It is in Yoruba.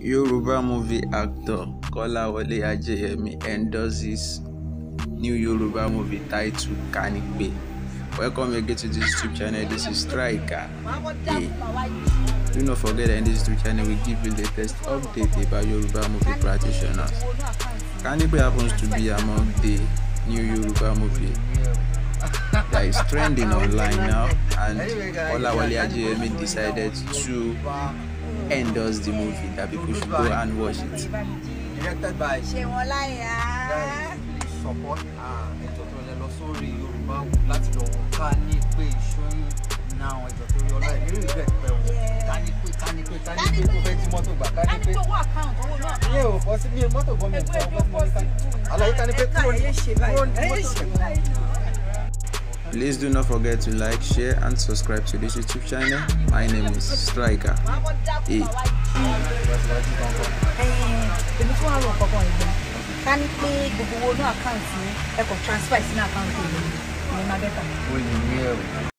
Yoruba movie actor Kọ́láwọlé Ajeyemi endorses new Yoruba movie title Kanigbe. Welcome again to this YouTube channel. This is Striker. Hey. Do not forget that in this YouTube channel we give you the latest update about Yoruba movie practitioners. Kanigbe happens to be among the new Yoruba movie that is trending online now and Kọ́láwọlé Ajeyemi decided to endorse the movie that people should go and watch it. Directed by Ṣewọláyà. Support and ah, ẹjọ́ tó lẹ lọ sórí Yorùbá láti lọ wọ ká ní pé ìṣóyún náà ẹjọ́ tó yọ láì ní rìbẹ̀ pẹ̀ wọ̀ ká ní pé ká ní pé ká ní pé tó fẹ́ tí mọ́tò gbà ká ní pé. Ilé ò bọ́ sí mi mọ́tò gbọ́ mi. Ẹgbẹ́ ìjọ pọ̀ sí. Àlàyé ká ní pé kúrò ní kúrò ní mọ́tò. Please do not forget to like, share, and subscribe to this YouTube channel. My name is Striker. E. ká ní pé gbogbo owó transfer sínú